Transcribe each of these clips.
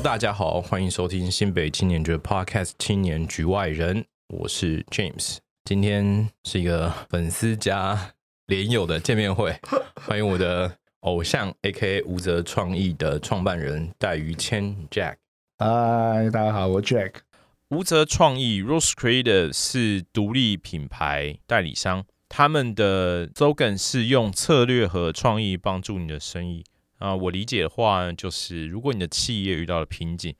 大家好，歡迎收聽新北青年局的 Podcast《青年局外人》，我是 James。今天是一個粉絲加聯友的見面會，歡迎我的偶像 A.K.A 吾則創意的創辦人戴於千 Jack。嗨，大家好，我是 Jack。吾則創意 Rose Creator 是獨立品牌代理商，他們的 Slogan 是用策略和創意幫助你的生意。啊、呃，我理解的話呢，就是如果你的企業遇到了瓶頸，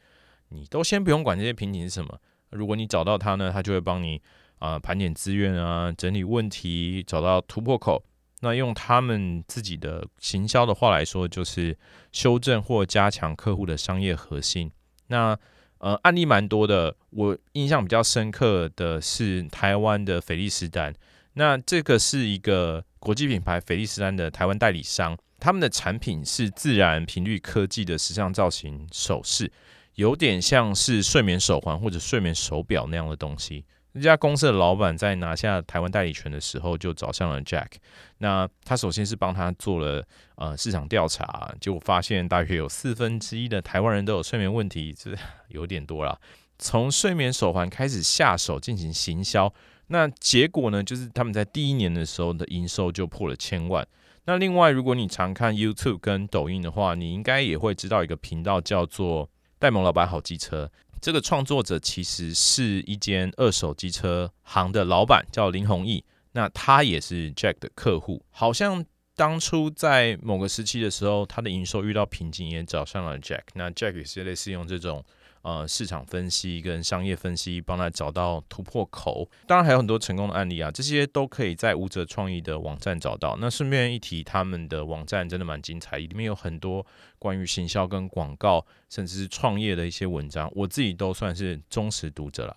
你都先不用管這些瓶頸是什麼。如果你找到他呢，他就會幫你啊呃、盤點資源啊，整理問題，找到突破口。那用他們自己的行銷的話來說，就是修正或加強客戶的商業核心。那呃，案例蠻多的，我印象比較深刻的是台灣的菲利斯丹。那這個是一個國際品牌菲利斯丹的台灣代理商。他們的產品是自然頻率科技的時尚造型首飾，有點像是睡眠手環或者睡眠手錶那樣的東西。這家公司的老闆在拿下台灣代理權的時候，就找上了 Jack。那他首先是幫他做了呃市場調查，結果發現大約有四分之一的台灣人都有睡眠問題，這有點多了。從睡眠手環開始下手進行行銷，那結果呢，就是他們在第一年的時候的營收就破了千萬。那另外，如果你常看 YouTube 跟抖音的話，你應該也會知道一個頻道叫做“戴蒙老板好機車”。這個創作者其實是一間二手機車行的老板，叫林弘毅。那他也是 Jack 的客戶，好像當初在某個時期的時候，他的營收遇到瓶頸，也找上了 Jack。那 Jack 也是類似是用這種。呃，市場分析跟商業分析，幫他找到突破口。當然還有很多成功的案例啊，這些都可以在吾則創意的網站找到。那順便一提，他們的網站真的蠻精彩，裡面有很多關於行銷跟廣告，甚至是創業的一些文章，我自己都算是忠實讀者啦。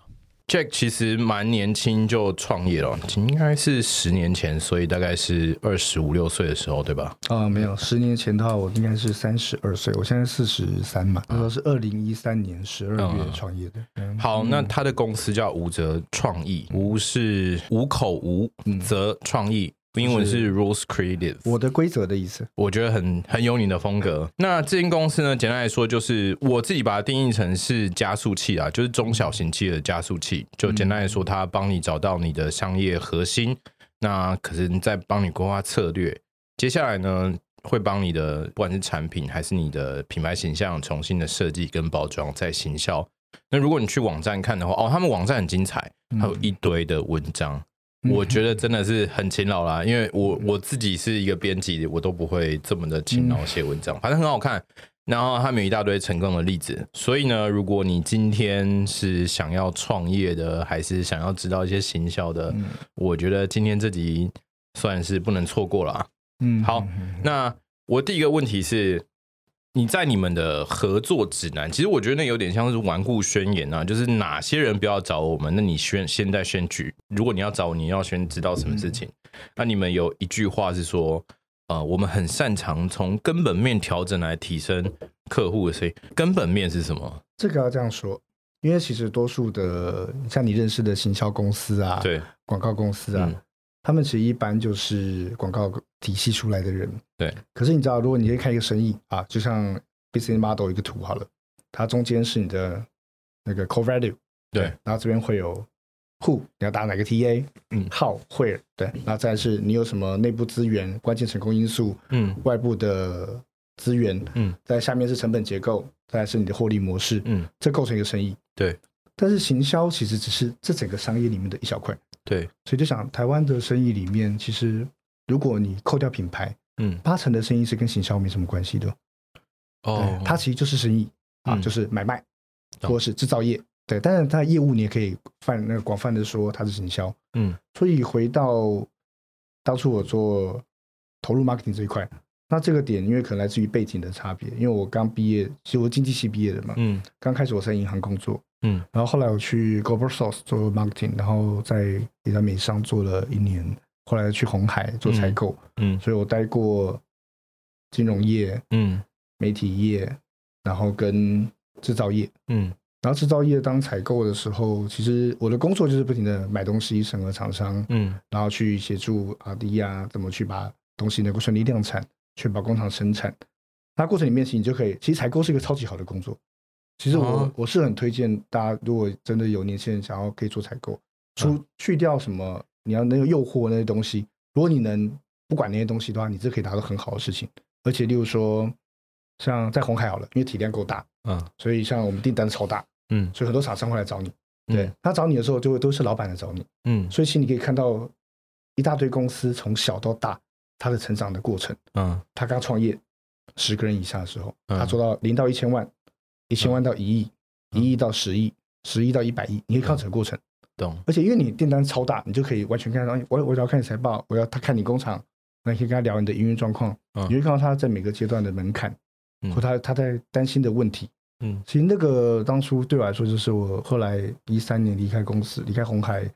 Jack 其實蠻年輕就創業了，應該是十年前，所以大概是二十五六歲的時候，對吧？啊、嗯，沒有，十年前的話我應該是三十二歲，我現在四十三嘛。他、嗯、是二零一三年十二月創業的。嗯嗯嗯、好、嗯，那他的公司叫吾則創意，吾、嗯、是五口吾則創意。英文是 Rules Creative，是我的規則的意思。我覺得很很有你的風格。嗯、那這間公司呢，簡單來說就是我自己把它定義成是加速器啊，就是中小型企業的加速器。就簡單來說，嗯、它幫你找到你的商業核心，那可是你在幫你規劃策略。接下來呢，會幫你的不管是產品還是你的品牌形象重新的設計跟包裝，在行銷。那如果你去網站看的話，哦，他們網站很精彩，還有一堆的文章。嗯我覺得真的是很勤勞啦，因為我我自己是一個編輯，我都不會這麼的勤勞寫文章，反正很好看。然後他們有一大堆成功的例子，所以呢，如果你今天是想要創業的，還是想要知道一些行銷的，我覺得今天這集算是不能錯過了。嗯，好，那我第一個問題是。你在你們的合作指南，其實我覺得那有點像是頑固宣言啊，就是哪些人不要找我們？那你先現在宣舉，如果你要找我，你要先知道什麼事情。嗯。那你們有一句話是說，呃，我們很擅長從根本面調整來提升客戶的生意。根本面是什麼？這個要這樣說，因為其實多數的，像你認識的行銷公司啊，對，廣告公司啊。嗯他們其實一般就是廣告體系出來的人，對。可是你知道，如果你可以看一個生意、嗯、啊，就像 business model 一個圖好了，它中間是你的那個 core value，對。對，然後這邊會有 who，你要打哪個 TA，嗯。How，where，對。然後再是，你有什麼內部資源、關鍵成功因素，嗯。外部的資源，嗯。在下面是成本結構，再是你的獲利模式，嗯。這構成一個生意，對。但是行銷其實只是這整個商業裡面的一小塊，對，所以就想台灣的生意裡面，其實如果你扣掉品牌，嗯，八成的生意是跟行銷沒什麼關係的，哦，它其實就是生意、嗯、啊，就是買賣，嗯、或是製造業，對，但是它的業務你也可以泛那個廣泛的說，它是行銷，嗯，所以回到當初我做投入 marketing 這一塊，那這個點因為可能來自於背景的差別，因為我剛畢業，其實我經濟系畢業的嘛，嗯，剛開始我在銀行工作。嗯，然後後來我去 Global Sources 做 marketing，然後在一家美商做了一年，後來去鴻海做採購，嗯，嗯，所以我待過金融業，嗯，媒體業，然後跟製造業，嗯，然後製造業當採購的時候，其實我的工作就是不停的買東西，審核廠商，嗯，然後去協助 RD 呀怎麼去把東西能夠順利量產，確保工廠生產，那過程裡面其實你就可以，其實採購是一個超級好的工作。其實我我是很推薦大家，如果真的有年輕人想要可以做採購，啊、除去掉什麼你要那個誘惑那些東西，如果你能不管那些東西的話，你這可以達到很好的事情。而且，例如說像在紅海好了，因為體量夠大，嗯、啊，所以像我們訂單超大，嗯，所以很多廠商會來找你，對、嗯，他找你的時候就會都是老板來找你，嗯，所以其實你可以看到一大堆公司從小到大他的成長的過程，嗯、啊，他剛創業十個人以下的時候、啊，他做到零到一千萬。一千萬到一億，一、嗯、億到十億，十、嗯、億到一百億、嗯，你可以看整個過程懂，懂。而且因為你訂單超大，你就可以完全看。我我只要看你財報，我要他看你工廠，那可以跟他聊你的營運狀況，你、嗯、會看到他在每個階段的門檻，和、嗯、他他在擔心的問題。嗯，其實那個當初對我來說，就是我後來一三年離開公司，離開紅海，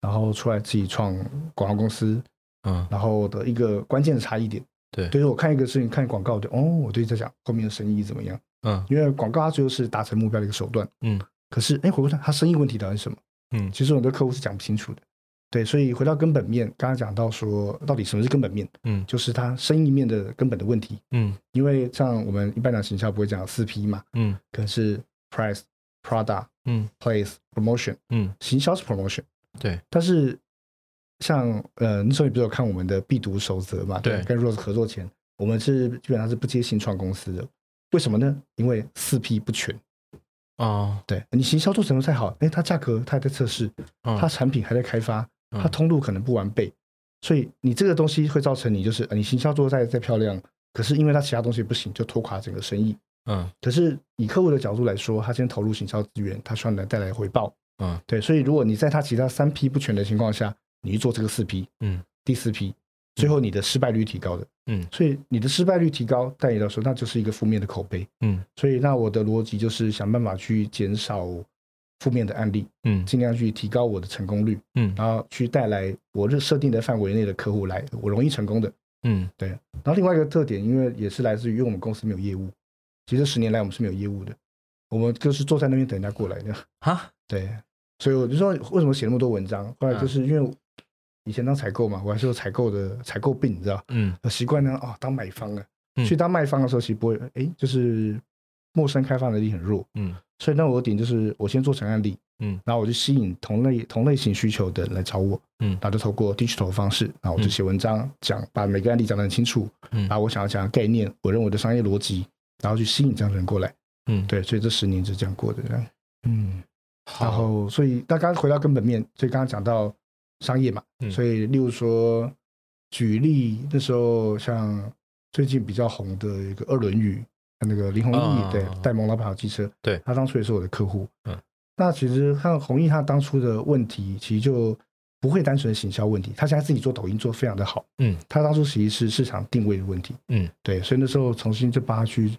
然後出來自己創廣告公司，嗯，然後的一個關鍵的差異點。嗯、對，所以我看一個事情，看廣告的，哦，我對在講後面的生意怎麼樣。嗯，因為廣告它最後是達成目標的一個手段。嗯，可是哎，回過頭，它生意問題到底是什麼？嗯，其實很多客戶是講不清楚的。對，所以回到根本面，剛剛講到說，到底什麼是根本面？嗯，就是它生意面的根本的問題。嗯，因為像我們一般講行銷不會講四 P 嘛。嗯，可能是 Price、嗯、Product、嗯，Place、Promotion。嗯，行銷是 Promotion，嗯。對，但是像呃，你所你不是有看我們的必讀守則嘛對？對，跟 Rose 合作前，我們是基本上是不接新創公司的。為什麼呢？因為四批不全啊！Uh, 對，你行銷做程度再好，哎，它價格它還在測試，uh, 它產品還在開發，它通路可能不完備，uh, 所以你這個東西會造成你就是，呃、你行銷做再再漂亮，可是因為它其他東西不行，就拖垮整個生意。嗯、uh,，可是以客戶的角度來說，他先投入行銷資源，他需要來帶來回報。嗯、uh,，對，所以如果你在他其他三批不全的情況下，你去做這個四批，嗯，第四批。最後，你的失敗率提高的，嗯，所以你的失敗率提高，但有的時候那就是一個負面的口碑，嗯，所以那我的邏輯就是想辦法去減少負面的案例，嗯，盡量去提高我的成功率，嗯，然後去帶來我這設定的範圍內的客戶來，嗯，我容易成功的，嗯，對。然後另外一個特點，因為也是來自於，因為我們公司沒有業務，其實十年來我們是沒有業務的，我們就是坐在那邊等人家過來的，哈，對，所以我就說為什麼寫那麼多文章，後來就是因為。以前當採購嘛，我還是有採購的採購病，你知道？嗯，習慣呢，哦，當買方了、啊嗯。去當賣方的時候，其實不會，哎、欸，就是陌生開發能力很弱，嗯。所以那我的點就是，我先做成案例，嗯，然後我就吸引同類同類型需求的來找我，嗯，然後就透過 digital 的方式，然後我就寫文章講、嗯，把每個案例講得很清楚，嗯，把我想要講的概念，我認為的商業邏輯，然後去吸引這樣的人過來，嗯，對。所以這十年就是這樣過的，這樣，嗯。然後，所以那剛剛回到根本面，所以剛剛講到。商業嘛，所以例如說，舉例那時候像最近比較紅的一個二輪雨，那個林弘毅，uh, 對，戴蒙老闆好機車，對他當初也是我的客戶。嗯、uh.，那其實看弘毅他當初的問題，其實就不會單純的行銷問題，他現在自己做抖音做非常的好。嗯、uh.，他當初其實是市場定位的問題。嗯、uh.，對，所以那時候重新就幫他去，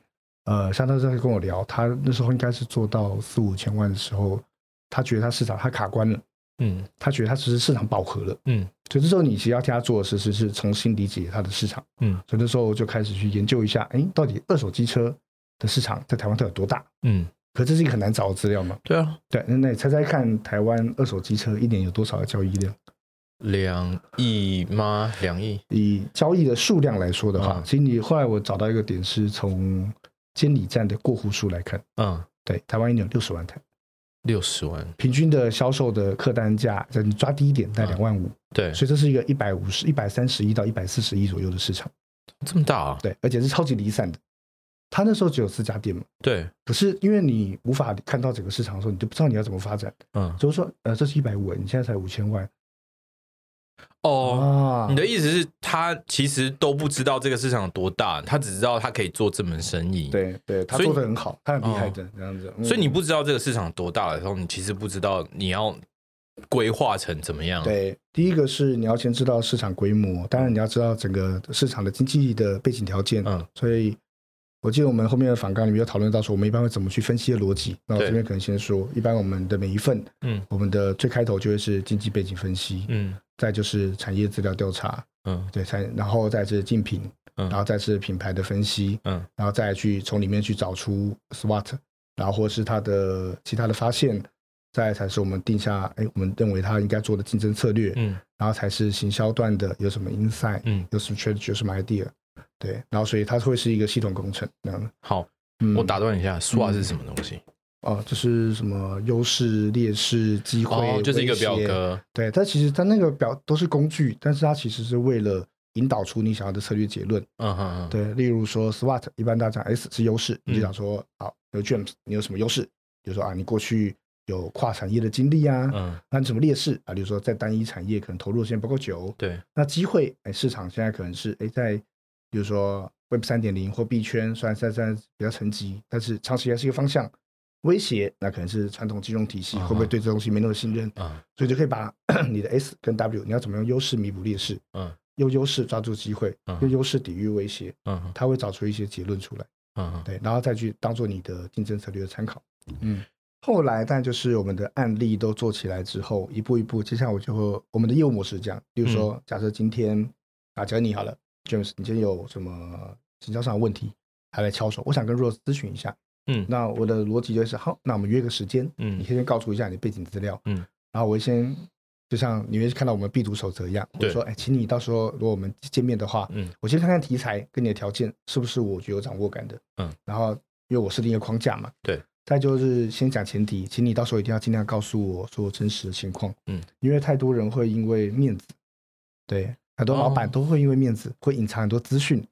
呃，像他在跟我聊，他那時候應該是做到四五千萬的時候，他覺得他市場他卡關了。嗯，他覺得他只是市場飽和了，嗯，所以這時候你其實要替他做的事是重新理解他的市場，嗯，所以那時候就開始去研究一下，誒、欸，到底二手機車的市場在台灣它有多大？嗯，可這是一個很難找的資料嘛，對啊，對，那你猜猜看，台灣二手機車一年有多少的交易量？兩億嗎？兩億？以交易的數量來說的話、嗯，其實你後來我找到一個點是從監理站的過戶數來看，嗯，對，台灣一年有六十萬台。六十萬，平均的銷售的客單價，你抓低一點在兩萬五，啊，對，所以這是一個一百五十一百三十億到一百四十億左右的市場，這麼大啊？對，而且是超級離散的。他那時候只有四家店嘛？對，可是因為你無法看到整個市場的時候，你就不知道你要怎麼發展。嗯、啊，所以說，呃，這是一百五萬，你現在才五千萬。哦、oh, 啊，你的意思是，他其實都不知道這個市場有多大，他只知道他可以做這門生意。對對，他做得很好，他很厲害的、哦、這樣子、嗯。所以你不知道這個市場有多大的時候，你其實不知道你要規劃成怎麼樣。對，第一個是你要先知道市場規模，當然你要知道整個市場的經濟的背景條件。嗯，所以我記得我們後面的訪綱裡面有討論到說，我們一般會怎麼去分析的邏輯。那我這邊可能先說，一般我們的每一份，嗯，我們的最開頭就會是經濟背景分析。嗯。再就是產業資料調查，嗯，對，產然後再是競品，嗯，然後再是品牌的分析，嗯，然後再去從裡面去找出 SWOT，然後或是它的其他的發現，再才是我們定下，哎、欸，我們認為它應該做的競爭策略，嗯，然後才是行銷端的有什麼 insight，嗯，有什麼 strategy 什麼 idea，對，然後所以它會是一個系統工程，嗯，好，嗯、我打斷一下，SWOT 是什麼東西？嗯哦，就是什麼優勢、劣勢、機會這、哦就是、一個表格。對，它其實它那個表都是工具，但是它其實是為了引導出你想要的策略結論。啊哈啊，對，例如說 SWOT 一般大家講 S 是優勢，你就想說，嗯、好，有 James，你有什麼優勢？比、就、如、是、說啊，你過去有跨產業的經歷啊，嗯，那怎麼劣勢啊？比如說在單一產業可能投入時間不夠久，對，那機會，哎、欸，市場現在可能是哎、欸、在，比如說 Web 三點零或幣圈，雖然現在比較沉寂，但是長期還是一個方向。威脅，那可能是傳統金融體系會不會對這東西沒那麼信任啊？Uh -huh. Uh -huh. 所以就可以把你的 S 跟 W，你要怎麼用優勢彌補劣勢？Uh -huh. 用優勢抓住機會，用優勢抵禦威脅。嗯，他會找出一些結論出來。Uh -huh. 對，然後再去當做你的競爭策略的參考。嗯、uh -huh.，後來但就是我們的案例都做起來之後，一步一步，接下來我就和我們的業務模式這樣。比如說假、uh -huh. 啊，假設今天假設你好了，James，你今天有什麼成交上的問題，還來敲手？我想跟 Rose 諮詢一下。嗯，那我的邏輯就是，好，那我們約個時間。嗯，你可以先告訴一下你的背景資料。嗯，然後我先就像你們是看到我們必讀守則一樣，我、嗯、說，哎，請你到時候如果我們見面的話，嗯，我先看看題材跟你的條件是不是我具有掌握感的。嗯，然後因為我設定一個框架嘛。對、嗯。再就是先講前提，請你到時候一定要盡量告訴我說真實的情況。嗯，因為太多人會因為面子，對，很多老闆都會因為面子、哦、會隱藏很多資訊，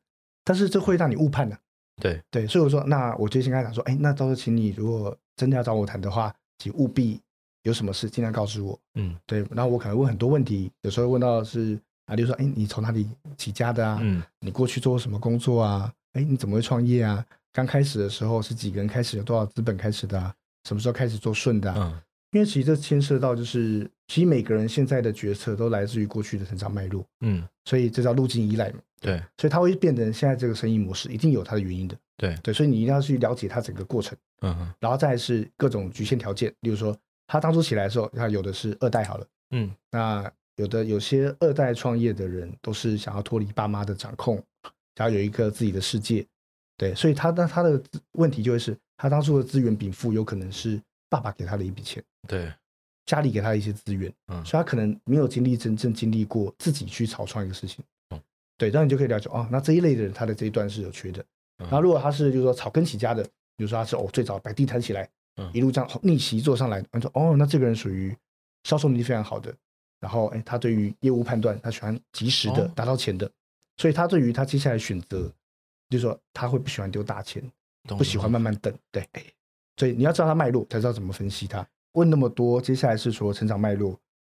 但是這會讓你誤判的、啊。對對，所以我說，那我就先跟他講說，哎，那到時候請你，如果真的要找我談的話，請務必有什麼事盡量告訴我。嗯，對，然後我可能問很多問題，有時候問到的是啊，就說，哎，你從哪裡起家的啊？嗯，你過去做什麼工作啊？哎，你怎麼會創業啊？剛開始的時候是幾個人開始？有多少資本開始的啊？什麼時候開始做順的啊？啊、嗯因為其實這牽涉到就是，其實每個人現在的決策都來自於過去的成長脈絡，嗯，所以這叫路徑依賴嘛，對，所以它會變成現在這個生意模式，一定有它的原因的，對對，所以你一定要去了解它整個過程，嗯哼，然後再來是各種局限條件，例如說他當初起來的時候，他有的是二代好了，嗯，那有的有些二代創業的人都是想要脫離爸媽的掌控，想要有一個自己的世界，對，所以他那他的問題就會是他當初的資源禀賦有可能是爸爸給他的一筆錢。對，家裡給他一些資源，嗯，所以他可能沒有經歷真正經歷過自己去草創一個事情，嗯，對，這樣你就可以了解哦，那這一類的人他的這一段是有缺的，嗯、然後如果他是就是說草根起家的，比如說他是哦最早擺地攤起來，嗯，一路這樣逆襲做上來，你說哦那這個人屬於銷售能力非常好的，然後哎、欸、他對於業務判斷他喜歡及時的達到錢的、哦，所以他對於他接下來選擇，就是說他會不喜歡丟大錢，不喜歡慢慢等，對，欸、所以你要知道他脈絡才知道怎麼分析他。問那麼多，接下來是說成長脈絡，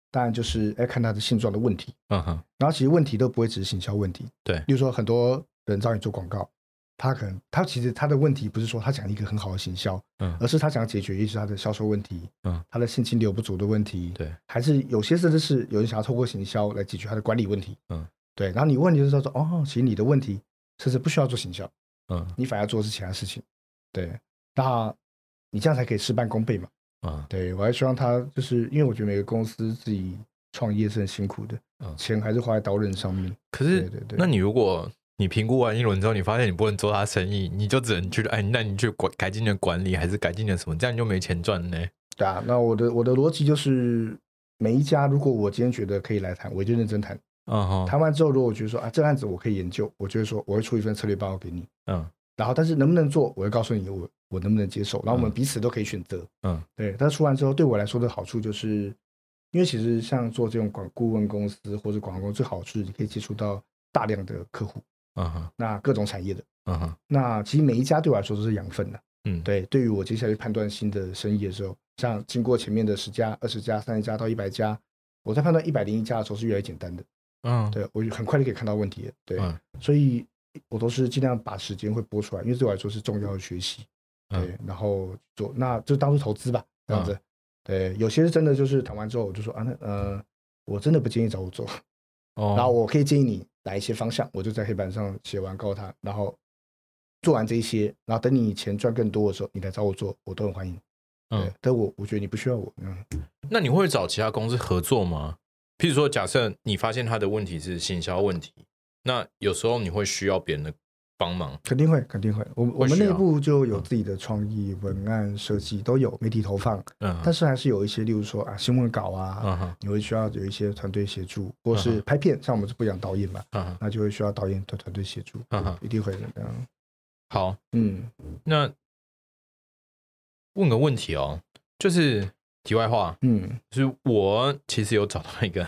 當然就是要看他的現狀的問題，嗯哼。然後其實問題都不會只是行銷問題，對。比如說很多人找你做廣告，他可能他其實他的問題不是說他講一個很好的行銷，嗯、uh-huh.，而是他想要解決一些他的銷售問題，嗯、uh-huh.，他的現金流不足的問題，對、uh-huh.。還是有些甚至是有人想要透過行銷來解決他的管理問題，嗯、uh-huh.，對。然後你問就是說哦，其實你的問題甚至不需要做行銷，嗯、uh-huh.，你反而要做的是其他事情，對。那你這樣才可以事半功倍嘛。啊、嗯，對，我還希望他就是因為我覺得每個公司自己創業是很辛苦的，嗯、錢還是花在刀刃上面。嗯、可是對對對，那你如果你評估完一輪之後，你發現你不能做他生意，你就只能覺得，哎，那你去管改進的管理，還是改進點什麼？這樣你就沒錢賺呢。對啊，那我的我的邏輯就是，每一家如果我今天覺得可以來談，我就認真談。啊、嗯、哈，談完之後，如果我覺得說啊，這案子我可以研究，我覺得說我會出一份策略報告給你。嗯。然後，但是能不能做，我會告訴你，我我能不能接受。然後我們彼此都可以選擇。嗯，嗯對。但是出完之後，對我來說的好處就是，因為其實像做這種廣顧問公司或者是廣告公司，最好的就是你可以接觸到大量的客戶。啊哼。那各種產業的。嗯、啊、哼。那其實每一家對我來說都是養分的、啊。嗯，對。對於我接下來去判斷新的生意的時候，像經過前面的十家、二十家、三十家到一百家，我在判斷一百零一家的時候是越來越簡單的。嗯，對，我很快就可以看到問題了。對、嗯，所以。我都是盡量把時間會撥出來，因為對我來說是重要的學習。對、嗯，然後做那就當做投資吧，這樣子、嗯。對，有些真的，就是談完之後我就說啊，那呃，我真的不建議找我做。哦，然後我可以建議你來一些方向，我就在黑板上寫完告訴他，然後做完這一些，然後等你錢賺更多的時候，你來找我做，我都很歡迎、嗯。對，但我我覺得你不需要我。嗯，那你會找其他公司合作嗎？譬如說，假設你發現他的問題是行銷問題。那有時候你會需要別人的幫忙，肯定會，肯定會。我會我們內部就有自己的創意、嗯、文案、設計都有，媒體投放，嗯，但是還是有一些，例如說啊，新聞稿啊、嗯，你會需要有一些團隊協助、嗯，或是拍片，像我們是不講導演嘛，嗯，那就會需要導演的團隊協助，嗯哼，一定會這樣。好，嗯，那問個問題哦，就是題外話，嗯，就是我其實有找到一個。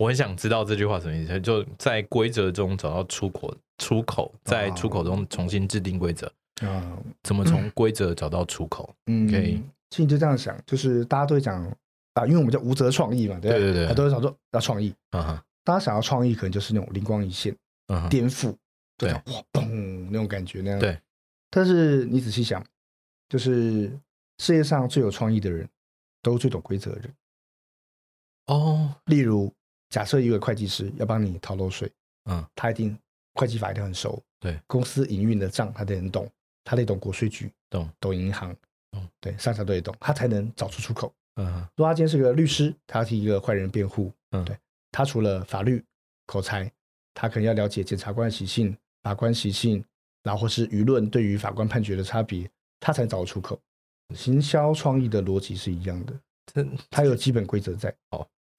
我很想知道這句話什麼意思，就在規則中找到出口，出口在出口中重新制定規則。啊、哦，怎麼從規則找到出口？嗯，可以，其、嗯、實你就這樣想，就是大家都會講啊，因為我們叫吾則創意嘛，對不對？很多人講說要創意，啊哈，大家想要創意，可能就是那種靈光一現，嗯、uh -huh,，顛、uh、覆 -huh,，對，哇嘣那種感覺那樣。對，但是你仔細想，就是世界上最有創意的人都是最懂規則的人。哦、oh,，例如。假設一位會計師要幫你逃漏稅，嗯，他一定會計法一定很熟，對公司營運的賬他得很懂，他得懂國稅局，懂懂銀行，嗯、哦，對，上下都得懂，他才能找出出口。嗯，若他今天是個律師，他要替一個壞人辯護，嗯，對他除了法律口才，他可能要了解檢察官的習性、法官習性，然後是輿論對於法官判決的差別，他才能找出出口。行銷創意的邏輯是一樣的，他有基本規則在。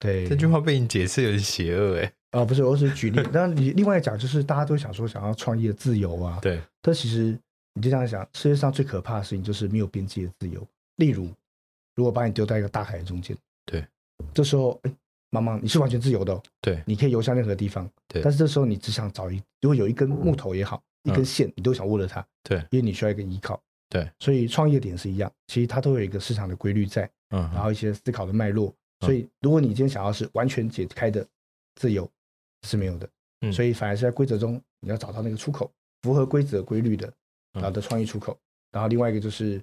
對，這句話被你解釋有點邪惡哎、欸，啊不是，我只是舉例，那 你另外講就是大家都想說想要創業自由啊，對，但其實你就這樣想，世界上最可怕的事情就是沒有邊界的自由。例如，如果把你丟在一個大海的中間，對，這時候哎，茫、欸、茫你是完全自由的、哦，對，你可以游向任何地方，對，但是這時候你只想找一，如果有一根木頭也好，嗯、一根線，你都想握着它，對、嗯，因為你需要一個依靠，對，所以創業點是一樣，其實它都有一個市場的規律在，嗯，然後一些思考的脈絡。所以，如果你今天想要是完全解開的自由是沒有的、嗯，所以反而是在規則中，你要找到那個出口，符合規則規律的找到創意出口、嗯。然後另外一個就是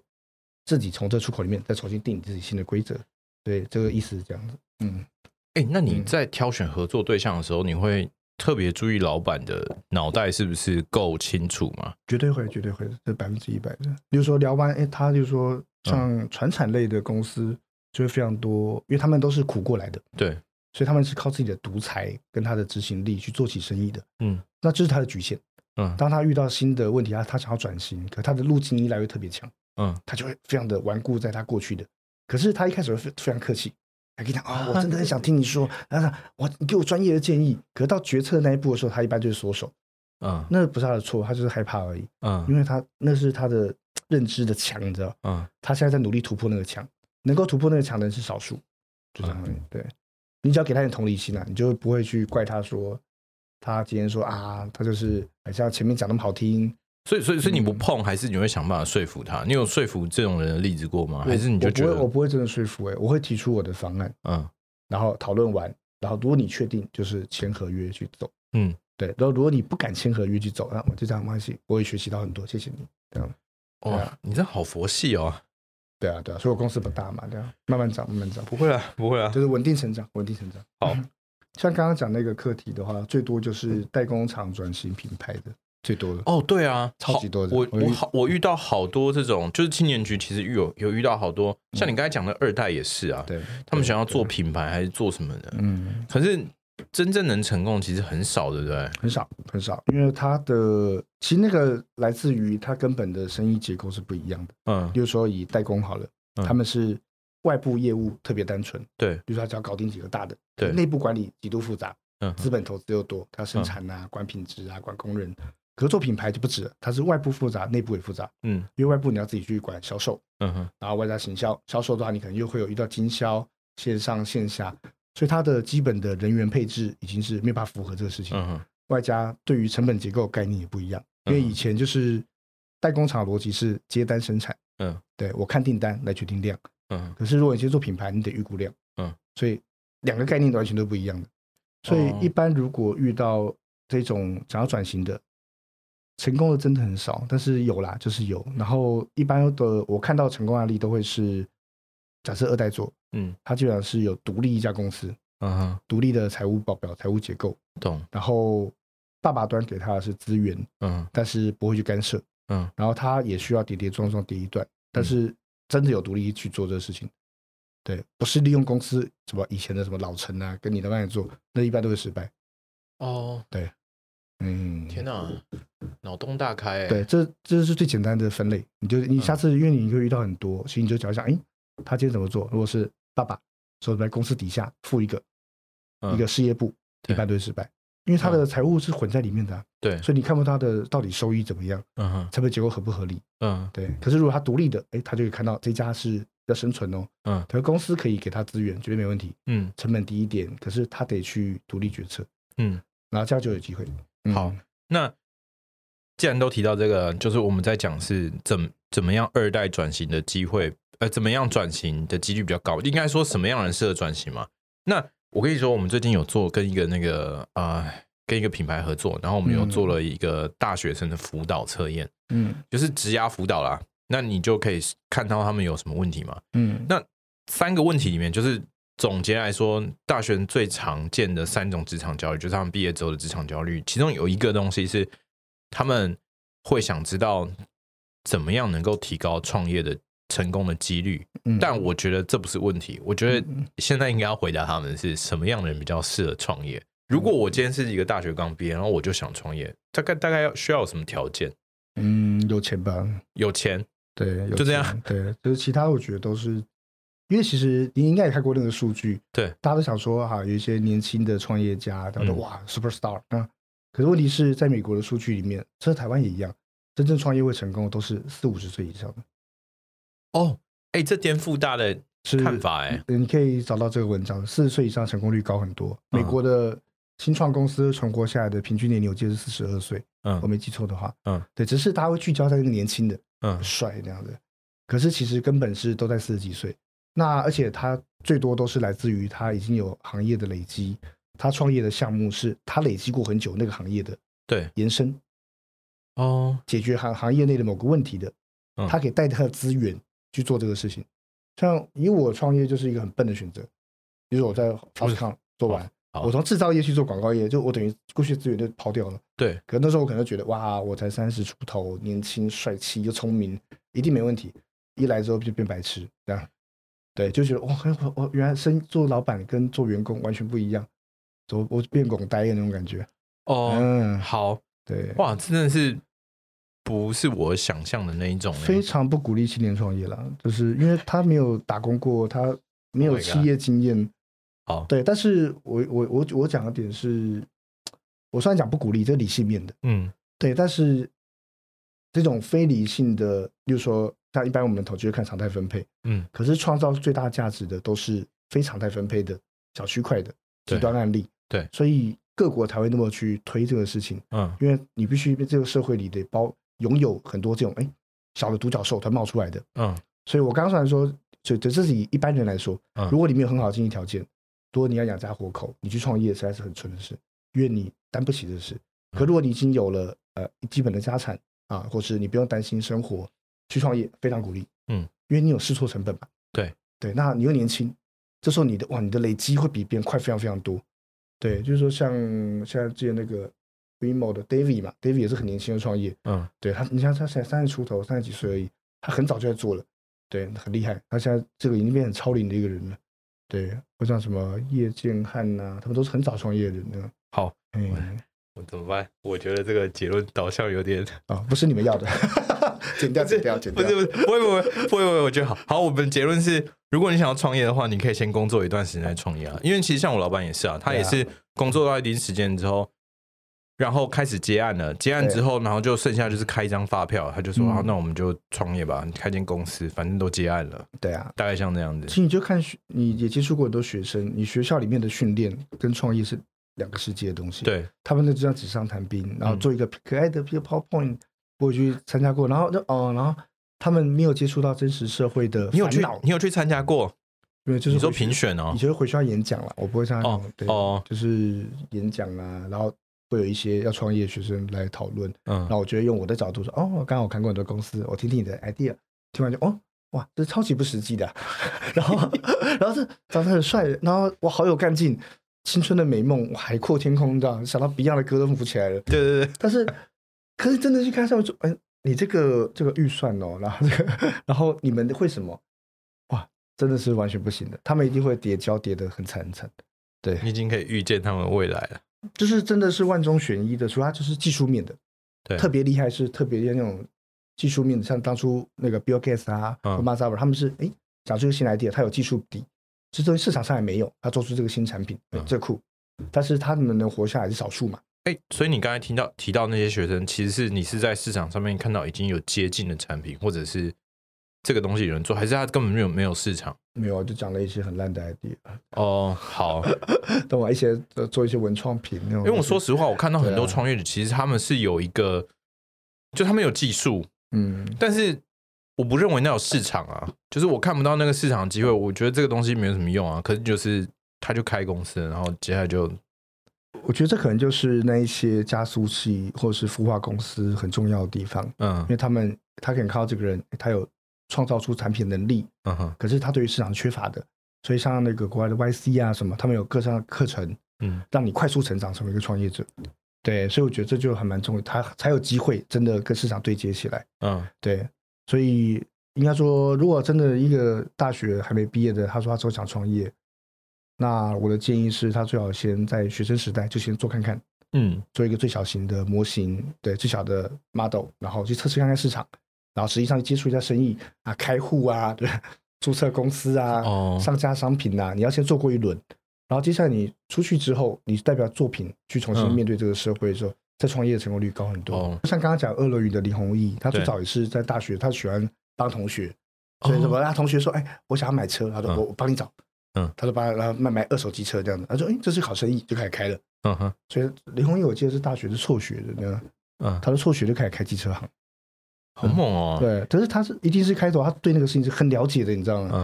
自己從這出口裡面再重新定你自己新的規則。對，這個意思是這樣子。嗯，哎、欸，那你在挑選合作對象的時候，嗯、你會特別注意老板的腦袋是不是夠清楚嗎？絕對會，絕對會，是百分之一百的。比如說聊完，哎、欸，他就說像傳產類的公司。嗯就會非常多，因為他們都是苦過來的，對，所以他們是靠自己的獨裁跟他的執行力去做起生意的，嗯，那這是他的侷限。嗯，當他遇到新的問題，他他想要轉型，可他的路徑依賴又特別強，嗯，他就會非常的頑固在他過去的。可是他一開始會非常客氣，還可以講啊、哦，我真的很想聽你說，然後我你給我專業的建議。可到決策那一步的時候，他一般就是縮手，嗯，那不是他的錯，他就是害怕而已，嗯，因為他那是他的認知的牆，你知道，嗯，他現在在努力突破那個牆。能夠突破那個牆的人是少數，就這樣、嗯、對，你只要給他一點同理心啊，你就不會去怪他說，他今天說啊，他就是很像前面講那麼好聽。所以，所以，所以你不碰、嗯，還是你會想辦法說服他？你有說服這種人的例子過嗎？還是你就覺得我不，我不會真的說服、欸？哎，我會提出我的方案啊、嗯，然後討論完，然後如果你確定就是簽合約去走，嗯，對。然後如果你不敢簽合約去走，那我就這樣關係。我也學習到很多，謝謝你。這樣、哦、這樣哇，你這好佛系哦。對啊，對啊，所以我公司不大嘛，對啊，慢慢漲，慢慢漲，不會啊，不會啊，就是穩定成長，穩定成長。好、哦嗯，像剛剛講那個課題的話，最多就是代工廠轉型品牌的最多的。哦，對啊，超級多的。我我好、嗯，我遇到好多這種，就是青年局其實遇有有遇到好多，像你剛才講的二代也是啊，對、嗯，他們想要做品牌還是做什麼的？嗯，可是。真正能成功其實很少，對不對？很少，很少，因為它的其實那個來自於它根本的生意結構是不一樣的。嗯，比如說以代工好了、嗯，他們是外部業務特別單純，對，比、就、如、是、說他只要搞定幾個大的，對，內部管理極度複雜，嗯，資本投資又多，他生產啊，嗯、管品質啊，管工人，合作品牌就不止了，他是外部複雜，內部也複雜，嗯，因為外部你要自己去管銷售，嗯哼，然後外加行銷，銷售的話你可能又會有遇到經銷、線上線下。所以它的基本的人員配置已經是沒法符合這個事情，外加對於成本結構概念也不一樣。因為以前就是代工廠的邏輯是接單生產，嗯，對我看訂單來決定量，嗯，可是如果你先做品牌，你得預估量，嗯，所以兩個概念完全都不一樣的。所以一般如果遇到這種想要轉型的，成功的真的很少，但是有啦，就是有。然後一般的我看到成功案例都會是，假設二代做，嗯，他基本上是有獨立一家公司，嗯，獨立的財務報表、財務結構，懂。然後爸爸端給他的是資源，嗯，但是不會去干涉，嗯。然後他也需要跌跌撞撞跌一段，但是真的有獨立去做這個事情，嗯，對，不是利用公司什麼以前的什麼老臣啊，跟你的關係做，那一般都會失敗。哦，對，嗯，天哪，腦洞大開。對，這這是最簡單的分類。你就你下次、嗯、因為你會遇到很多，所以你就講一下，哎、欸。他今天怎麼做？如果是爸爸，所以在公司底下付一個、嗯、一個事業部，對，一般都失敗，因為他的財務是混在裡面的，啊嗯，對，所以你看不到他的到底收益怎麼樣，嗯哼，成本結構合不合理，嗯，對。可是如果他獨立的，哎，他就可以看到這家是要生存哦，嗯，他公司可以給他資源，絕對沒問題，嗯，成本低一點，可是他得去獨立決策，嗯，然後這樣就有機會。嗯、好，那既然都提到這個，就是我們在講是怎怎麼樣二代轉型的機會。呃，怎麼樣轉型的幾率比較高？應該說什麼樣的人適合轉型嘛？那我跟你說，我們最近有做跟一個那個啊、呃，跟一個品牌合作，然後我們有做了一個大學生的輔導測驗，嗯，就是職涯輔導啦。那你就可以看到他們有什麼問題嘛？嗯，那三個問題裡面，就是總結來說，大學生最常見的三種職場焦慮，就是他們畢業之後的職場焦慮，其中有一個東西是他們會想知道怎麼樣能夠提高創業的成功的幾率，嗯，但我覺得這不是問題。我覺得現在應該要回答他們是什麼樣的人比較適合創業、嗯。如果我今天是一個大學剛畢業，然後我就想創業，大概大概要需要什麼條件？嗯，有錢吧？有錢，對，有錢，就這樣。對，就是其他我覺得都是，因為其實你應該也看過那個數據，對，大家都想說哈、啊，有一些年輕的創業家，他們、嗯、哇，super star 啊，可是問題是在美國的數據裡面，其實台灣也一樣，真正創業會成功的都是四五十歲以上的。哦，哎，這顛覆大的看法哎，你可以找到這個文章。四十歲以上成功率高很多。美國的新創公司存活、嗯、下來的平均年齡有接近四十二歲，嗯，我沒記錯的話，嗯，對，只是大家會聚焦在這個年輕的，嗯，帥那樣子。可是其實根本是都在四十幾歲。那而且他最多都是來自於他已經有行業的累積，他創業的項目是他累積過很久那個行業的對、嗯、延伸。哦，解決行行業內的某個問題的，他可以帶他的，的資源。去做這個事情，像以我創業就是一個很笨的選擇。比如說我在富士康做完，就是哦、我從制造業去做廣告業，就我等於過去資源就拋掉了。對，可能那時候我可能就覺得哇，我才三十出頭，年輕帥氣又聰明，一定沒問題。一來之後就變白痴，這樣。對，就覺得哇，我我原來生做老板跟做員工完全不一樣，就我變拱呆的那種感覺。哦，嗯，好，對，哇，真的是。不是我想象的那一種，非常不鼓勵青年創業啦，就是因為他沒有打工過，他沒有企業經驗。哦、oh，oh. 對，但是我我我我講的點是，我雖然講不鼓勵，這是理性面的，嗯，對，但是這種非理性的，比如說像一般我們投資就看常態分配，嗯，可是創造最大價值的都是非常態分配的小區塊的極端案例，對，對，所以各國才會那麼去推這個事情，嗯，因為你必須被這個社會里得包。擁有很多這種哎、欸、小的獨角獸，它冒出來的。嗯，所以我剛才說，說，就就這是以一般人來說，嗯、如果你沒有很好的經濟條件，如果你要養家活口，你去創業實在是很蠢的事，因為你擔不起這事。可如果你已經有了呃基本的家產啊，或是你不用擔心生活，去創業非常鼓勵。嗯，因為你有試錯成本嘛。嗯、對對，那你又年輕，這時候你的哇你的累積會比別人快非常非常多。對，嗯、就是說像像之前那個。Vimo 的 David 嘛，David 也是很年輕的創業。嗯，對他，你像他現在三十出頭，三十幾歲而已，他很早就在做了，對，很厲害。他現在這個已經變成超齡的一個人了。對，不像什麼葉健漢吶、啊，他們都是很早創業的人。好、哎，嗯，我怎麼辦？我覺得這個結論導向有點啊、哦，不是你們要的， 剪掉，剪掉，剪掉，不是，不是，不會，不會，不會，不會。我覺得好好，我們結論是，如果你想要創業的話，你可以先工作一段時間再創業啊。因為其實像我老闆也是啊，他也是工作到一定時間之後。然後開始接案了，接案之後、啊，然後就剩下就是開一張發票。他就說：“嗯、啊，啊，那我們就創業吧，開間公司，反正都接案了。”對啊，大概像那樣子。其實你就看，你也接觸過很多學生，你學校裡面的訓練跟創業是兩個世界的東西。對，他們那叫紙上談兵，然後做一個可愛的 PowerPoint，e o i n 我去參加過，然後就哦，然後他們沒有接觸到真實社會的。你有去，你有去參加過？沒有，就是你說評選啊、哦，你就回去要演講了，我不會參加哦，哦，就是演講啊，然後。會有一些要創業的學生來討論，嗯，然後我覺得用我的角度說，哦，剛剛我看過很多公司，我聽聽你的 idea，聽完就哦，哇，這超級不實際的、啊，然後， 然後是長得很帥，然後我好有幹勁，青春的美夢，海闊天空，這樣想到 Beyond 的歌都浮起來了，對對對，對，但是，可是真的去看上面說，哎，你這個這個預算哦，然後這個，然後你們會什麼，哇，真的是完全不行的，他們一定會跌跤跌得很慘很慘，對你已經可以預見他們未來了。就是真的是萬中選一的，除了他就是技術面的，對，特別厲害是特別有那種技術面的，像當初那個 Bill Gates 啊、Microsoft 他們是哎，講、欸、出個新 idea，他有技術底，其實市場上也沒有，他做出這個新產品，這、嗯嗯、酷，但是他們能，能活下來是少數嘛？哎、欸，所以你剛才聽到提到那些學生，其實是你是在市場上面看到已經有接近的產品，或者是。這個東西有人做，還是他根本沒有沒有市場？沒有啊，就講了一些很爛的 idea。哦，好，等 我一些做一些文創品那種。因為我說實話，我看到很多創業者、啊，其實他們是有一個，就他們有技術，嗯，但是我不認為那有市場啊。就是我看不到那個市場機會、嗯，我覺得這個東西沒有什麼用啊。可是就是他就開公司，然後接下來就，我覺得這可能就是那一些加速器或者是孵化公司很重要的地方。嗯，因為他們他可以靠這個人，他有。創造出產品能力，嗯哼，可是他對於市場缺乏的，uh-huh. 所以像那個國外的 YC 啊什麼，他們有各樣的課程，嗯，讓你快速成長成為一個創業者，對，所以我覺得這就還蠻重要，他才有機會真的跟市場對接起來，嗯、uh-huh.，對，所以應該說，如果真的一個大學還沒畢業的，他說他說想創業，那我的建議是他最好先在學生時代就先做看看，嗯，做一個最小型的模型，對，最小的 model，然後去測試看看市場。然後實際上接觸一下生意啊，開戶啊，對吧，註冊公司啊，oh. 上架商品啊，你要先做過一輪。然後接下來你出去之後，你代表作品去重新面對這個社會的時候，再、嗯、創業成功率高很多。Oh. 像剛剛講二輪雨的林弘毅，他最早也是在大學，他喜歡幫同學，所以什麼？他同學說：“哎，我想要買車。”他說：“ oh. 我幫你找。”嗯，他說幫然後賣買二手機車這樣子。他就說：“哎，這是好生意，就開始開了。”嗯哼。所以林弘毅我記得是大學是輟學樣、uh -huh. 的，對吧？嗯，他說輟學就開始開機車行。很猛哦，對，可是他是一定是開頭，他對那個事情是很了解的，你知道嗎？嗯，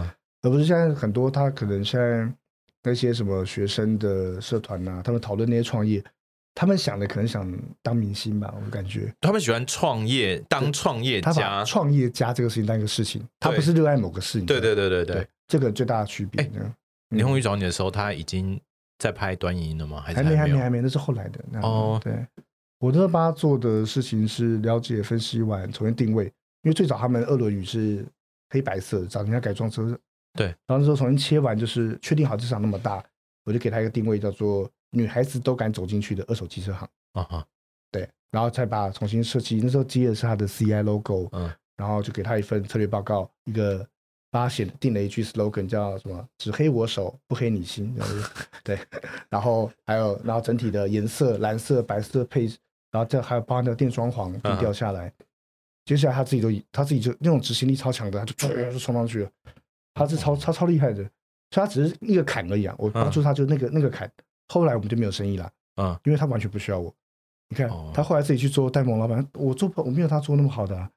而不是現在很多他可能現在那些什麼學生的社團吶、啊，他們討論那些創業，他們想的可能想當明星吧，我感覺他們喜歡創業當創業家，創業家這個事情當一個事情，他不是熱愛某個事情，對對對對對，對，對，這個最大的區別。你李宏宇找你的時候，他已經在拍端遊了嗎還還有？還沒還沒還沒，那是後來的後，哦，對。我的邊做的事情是了解、分析完，重新定位。因為最早他們二輪語是黑白色，找人家改裝車。對，然後那時候重新切完，就是確定好機場那麼大，我就給他一個定位，叫做“女孩子都敢走進去的二手機車行”。啊啊，對，然後再把重新設計。那時候接的是他的 CI logo，嗯、uh -huh.，然後就給他一份策略報告，一個幫他寫定了一句 slogan，叫什麼“只黑我手，不黑你心”對。 對，然後還有，然後整體的顏色，藍色、白色配。然後這還有幫那個店裝潢，就掉下來、嗯啊。接下來他自己都，他自己就那種執行力超強的，他就唰、呃、就衝上去了。他是超超超厲害的，所以他只是一個坎而已啊。我幫助他就那個、嗯、那個坎。後來我們就沒有生意了，嗯，因為他完全不需要我。你看，哦、他後來自己去做代工老闆，我做我沒有他做那麼好的。啊。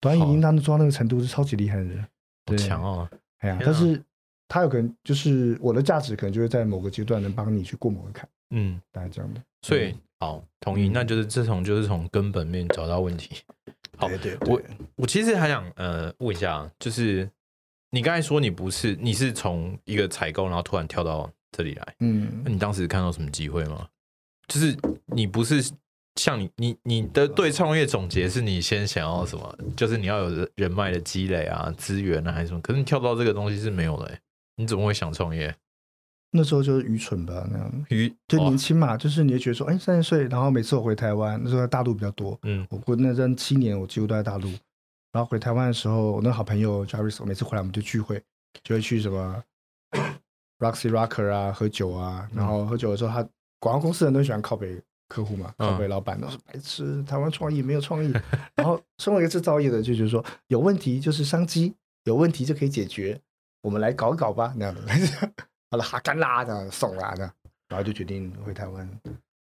短影音他能做到那個程度是超級厲害的人，對強、哦、對啊！哎呀，但是他有可能就是我的價值可能就是在某個階段能幫你去過某個坎，嗯，大概這樣的。所以。嗯好，同意，那就是這種、嗯、就是從根本面找到問題。好，對對對，我我其實還想呃問一下，就是你剛才說你不是，你是從一個採購，然後突然跳到這裡來，嗯，你當時看到什麼機會嗎？就是你不是像你你你的對創業總結是你先想要什麼？就是你要有人人脈的積累啊，資源啊，還是什麼？可是你跳到這個東西是沒有的。欸，你怎麼會想創業？那時候就是愚蠢吧，那樣愚就年輕嘛、哦，就是你也覺得說，哎、欸，三十歲。然後每次我回台灣，那時候大陸比較多，嗯，我過那陣七年我幾乎都在大陸。然後回台灣的時候，我那個、好朋友 Jarvis，我每次回來我們就聚會，就會去什麼 Roxy Rocker 啊，喝酒啊。然後喝酒的時候他，他廣告公司的人都喜歡靠北客戶嘛，靠北老板都是白痴，台灣創意沒有創意。然後身為、嗯、一個制造業的就，就覺得說有問題就是商機，有問題就可以解決，我們來搞一搞吧，那樣的。 哈幹啦的，慫拉的，然後就決定回台灣。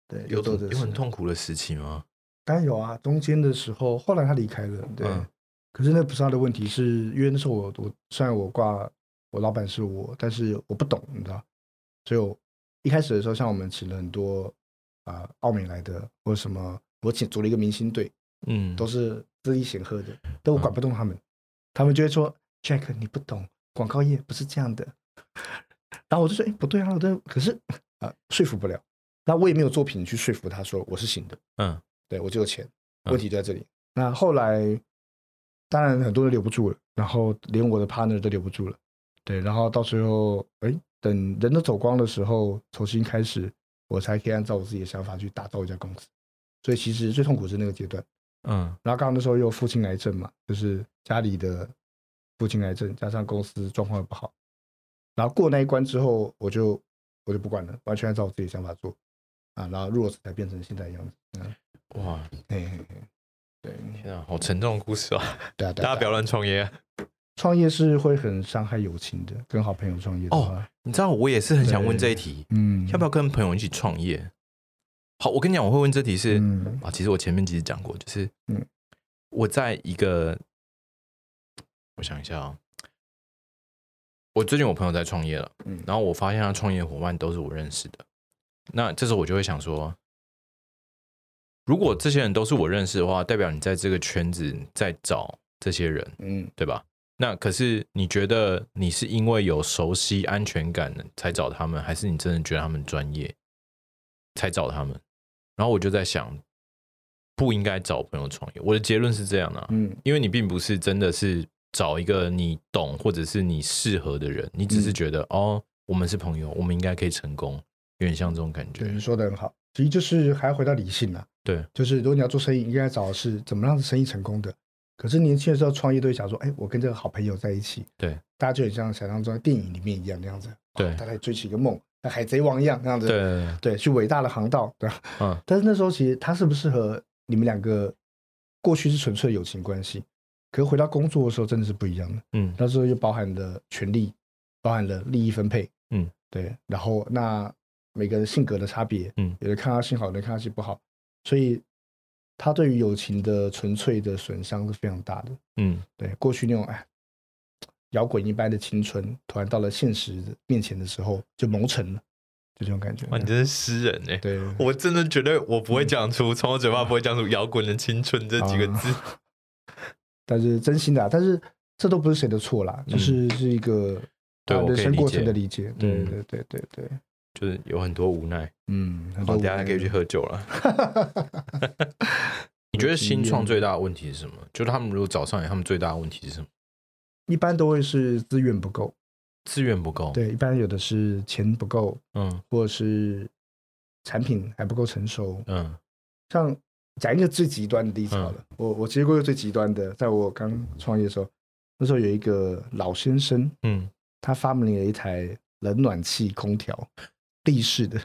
對，有很、有很痛苦的事情嗎？當然有啊。中間的時候，後來他離開了。對、嗯，可是那不是他的問題，是因為那時候我，我雖然我掛，我老板是我，但是我不懂，你知道。所以我一開始的時候，像我們請了很多啊、呃，奧美來的，或者什麼，我請組了一個明星隊，嗯，都是資歷顯赫的，都管不動他們。嗯、他們就會說：“Jack，你不懂，廣告業不是這樣的。 ”然後我就說：“哎、欸，不對啊！我對可是啊、呃，說服不了。那我也沒有作品去說服他，說我是行的。嗯，對我就有錢，問題就在這裡。嗯、那後來，當然很多人留不住了，然後連我的 partner 都留不住了。對，然後到最後，哎，等人都走光的時候，重新開始，我才可以按照我自己的想法去打造一家公司。所以，其實最痛苦是那個階段。嗯，然後剛剛那時候又父親癌症嘛，就是家裡的父親癌症，加上公司狀況又不好。”然後過那一關之後，我就我就不管了，完全按照我自己想法做啊。然後如此才變成現在的樣子。哇，嗯，哇，哎，對，天啊，好沉重的故事啊。對、嗯、啊，大家不要亂創業，對啊對啊，創業是會很傷害友情的。跟好朋友創業哦，你知道我也是很想問這一題，嗯，要不要跟朋友一起創業、嗯？好，我跟你講，我會問這題是、嗯、啊，其實我前面其實講過，就是嗯，我在一個，我想一下啊、哦。我最近我朋友在創業了，然後我發現他創業夥伴都是我認識的，那這時候我就會想說，如果這些人都是我認識的話，代表你在這個圈子在找這些人，嗯，對吧？那可是你覺得你是因為有熟悉安全感才找他們，還是你真的覺得他們專業才找他們？然後我就在想，不應該找朋友創業。我的結論是這樣的，嗯，因為你並不是真的是。找一個你懂或者是你適合的人，你只是覺得、嗯、哦，我們是朋友，我們應該可以成功，有點像這種感覺。對，有人說的很好，其實就是還要回到理性了。對，就是如果你要做生意，應該找的是怎麼讓生意成功的。可是年輕的時候創業都會想說，哎、欸，我跟這個好朋友在一起。對，大家就很像想象中在電影裡面一樣，這樣，一一樣那樣子。對，大家追起一個夢，像海賊王一樣那樣子。對對，去偉大的航道，對吧？嗯。但是那時候其實他是不是和你們兩個過去是純粹的友情關係？可是回到工作的時候，真的是不一樣的。嗯，那時候又包含了權力，包含了利益分配。嗯，對。然後那每個人性格的差別，嗯，有的看到性好，有的看到性不好，所以他對於友情的純粹的損傷是非常大的。嗯，對。過去那種哎，搖滾一般的青春，突然到了現實面前的時候，就萌成了，就這種感覺。哇，你真是詩人哎、欸！對，我真的覺得我不會講出從、嗯、我嘴巴不會講出“搖滾的青春”這幾個字。但是真心的，但是這都不是誰的錯啦、嗯，就是是一個人生過程的理解，對解、嗯、對對對對，就是有很多無奈，嗯，然後等下還可以去喝酒了。 你覺得新創最大的問題是什麼？就是他們如果找上來，他們最大的問題是什麼？一般都會是資源不夠，資源不夠，對，一般有的是錢不夠，嗯，或者是產品還不夠成熟，嗯，像。講一個最極端的例子好了，我我接過一個最極端的，在我剛創業的時候，那時候有一個老先生，嗯，他發明了一台冷暖氣空調，立式的，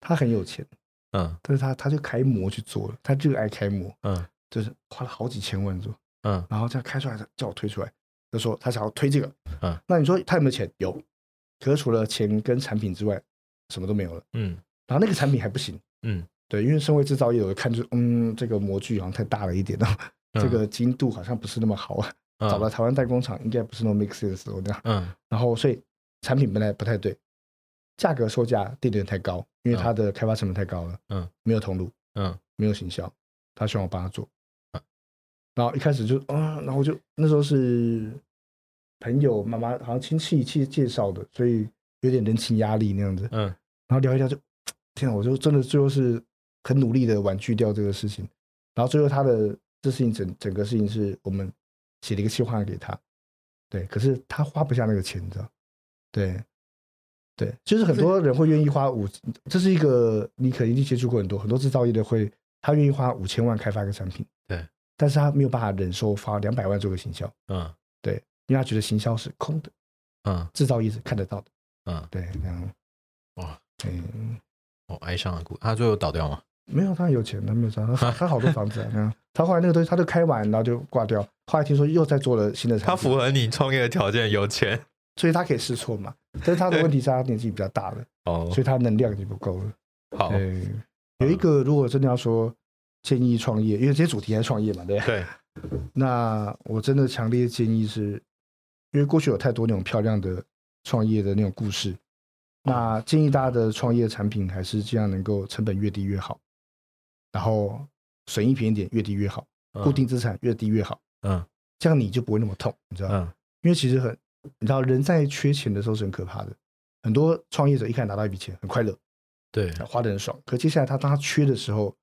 他很有錢，嗯，但是他他就開模去做了，他就愛開模，嗯，就是花了好幾千萬做，嗯，然後這樣開出來，叫我推出來，就說他想要推這個，嗯，那你說他有沒有錢？有，可是除了錢跟產品之外，什麼都沒有了，嗯，然後那個產品還不行，嗯。對，因為身為製造業，我一看就是，嗯，這個模具好像太大了一點，然後這個精度好像不是那麼好啊。嗯、找到台灣代工廠，應該不是那麼 make sense 的時候，對、嗯。n 嗯，然後所以產品本來不太對，價格售價定的太高，因為它的開發成本太高了。嗯，沒有通路，嗯，嗯，沒有行銷，他希望我幫他做、嗯。然後一開始就啊、嗯，然後就那時候是朋友、媽媽好像親戚一起介紹的，所以有點人情壓力那樣子。嗯，然後聊一聊就，天啊，我就真的最後是。很努力的婉拒掉這個事情，然後最後他的這事情整整個事情是我們寫了一個企劃給他，對，可是他花不下那個錢，你知道？對，對，就是很多人會願意花五，這是一個你可能一定接觸過很多很多製造業的會，他願意花五千萬開發一個產品，對，但是他沒有辦法忍受花兩百萬做個行銷，嗯，對，因為他覺得行銷是空的，嗯，製造業是看得到的，嗯，對，這樣，哇，哎、嗯，哦，哀傷啊，股，他最後倒掉嗎？沒有，他有錢他沒有，他他好多房子啊。他後來那個東西，他都開完，然後就掛掉。後來聽說又在做了新的產品。他符合你創業的條件，有錢，所以他可以試錯嘛。但是他的問題是他年紀比較大了，哦，所以他能量已經不夠了。好，對，有一個如果真的要說建議創業，因為這些主題是創業嘛，對，對。那我真的強烈建議是，因為過去有太多那種漂亮的創業的那種故事，那建議大家的創業產品還是盡量能夠成本越低越好。然後損益平衡點越低越好，固定資產越低越好，嗯，嗯，這樣你就不會那麼痛，你知道嗎？嗎、嗯？因為其實很，你知道人在缺錢的時候是很可怕的。很多創業者一開始拿到一筆錢很快樂，對，他花的很爽。可接下來他當他缺的時候，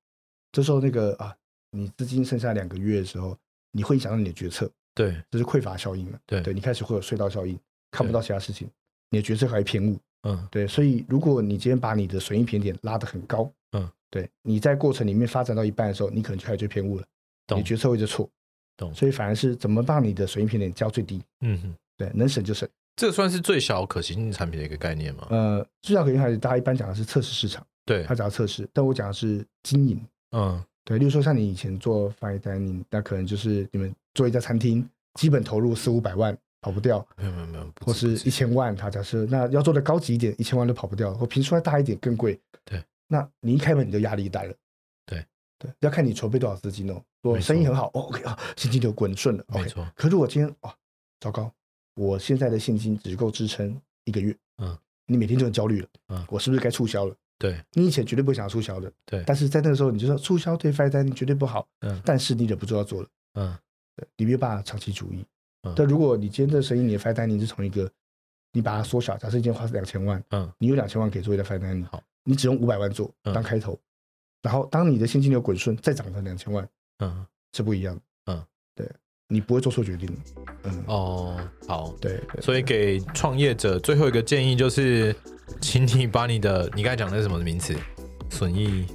這時候那個啊，你資金剩下兩個月的時候，你會影響到你的決策，對，這是匱乏效應嘛？對，對你開始會有隧道效應，看不到其他事情，你的決策還是偏誤。嗯，對，所以如果你今天把你的損益平點拉得很高，嗯，對，你在過程裡面發展到一半的時候，你可能就開始偏誤了，懂？你決策位就錯，懂？所以反而是怎麼把你的損益平點降最低？嗯，對，能省就省。這算是最小可行性產品的一個概念嗎？呃，最小可行性產品大家一般講的是測試市場，對，他講的測試，但我講的是經營。嗯，對，例如說像你以前做 fine dining，那可能就是你們做一家餐廳，基本投入四五百萬。跑不掉、嗯，沒有沒有沒有，或是一千萬，他假設那要做的高級一點，一千萬都跑不掉，或平出來大一點更貴。對，那你一開門你就壓力大了。對對，要看你籌備多少資金哦。如果生意很好，哦 OK 啊、哦，現金就滾順了。okay。可是我今天哦，糟糕，我現在的現金只夠支撐一個月。嗯。你每天就很焦慮了。嗯。嗯。我是不是該促銷了？對、嗯嗯。你以前絕對不會想要促銷的。對。但是在那個時候，你就說促銷對 financial 絕對不好。嗯。但是你忍不住要做了。嗯。對，你別打長期主義。嗯、但如果你今天的生意，你的翻單你是從一個你把它縮小，假設一件花是兩千萬，嗯，你有兩千萬給以做的條翻單，好，你只用五百萬做、嗯、當開頭，然後當你的現金流滾順再漲到兩千萬，嗯，是不一樣嗯，對你不會做錯決定的，嗯，哦，好，對，對所以給創業者最後一個建議就是，請你把你的你剛才講那什麼的名詞，損益，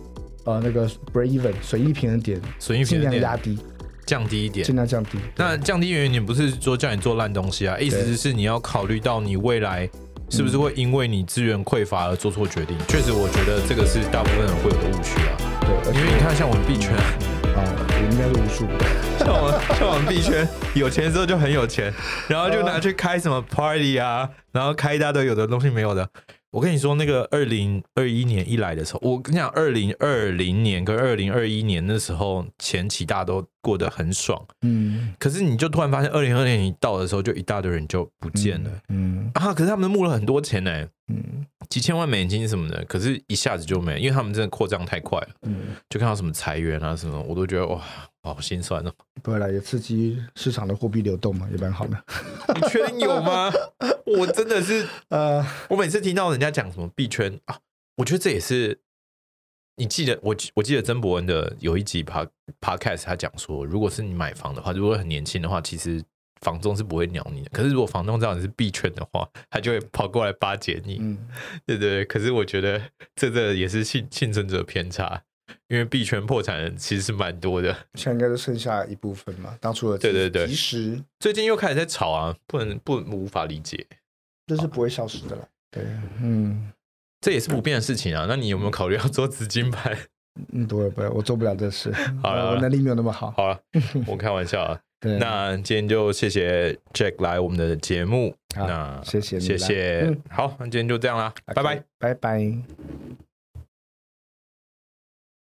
呃，那個 break even，損益平衡點，損益儘量壓低。降低一點，盡量降低。那降低原因，你不是說叫你做爛東西啊？意思就是你要考慮到你未來是不是會因為你資源匱乏而做錯決定。確、嗯、實，我覺得這個是大部分人會有的誤區啊。對，因為你看像、啊嗯，像我們幣圈啊，我應該是無數像我，像我們幣圈有錢之後就很有錢，然後就拿去開什麼 party 啊，然後開一大堆有的東西沒有的。我跟你說，那個二零二一年一來的時候，我跟你講，二零二零年跟二零二一年的時候前期大家都過得很爽，嗯，可是你就突然發現二零二年一到的時候，就一大堆人就不見了，嗯，嗯啊，可是他們募了很多錢哎，嗯，幾千萬美金什麼的，可是一下子就沒了，因為他們真的擴張太快了，嗯，就看到什麼裁員啊什麼，我都覺得哇。好心酸哦，對了，也刺激市場的貨幣流動嘛，也蠻好的。幣圈有嗎？有有 我真的是呃，我每次聽到人家講什麼幣圈啊，我覺得這也是你記得我，我記得曾博恩的有一集 podcast 他講說，如果是你買房的話，如果很年輕的話，其實房東是不會鳥你的。可是如果房東知道你是幣圈的話，他就會跑過來巴結你。嗯，對對對。可是我覺得這個也是幸幸存者偏差。因為幣圈破產其實是蠻多的，現在應該就剩下一部分嘛。當初的對對對，其實最近又開始在炒啊，不能不,不無法理解，這是不會消失的了。對，嗯，這也是不變的事情啊、嗯。那你有沒有考慮要做資金盤？嗯，對不會，不會，我做不了這事，好了， 我能力沒有那麼好。好了， 我開玩笑啊。 那今天就謝謝 Jack 來我們的節目，那謝謝謝謝、嗯好。好，那今天就這樣啦，拜、okay, 拜拜拜。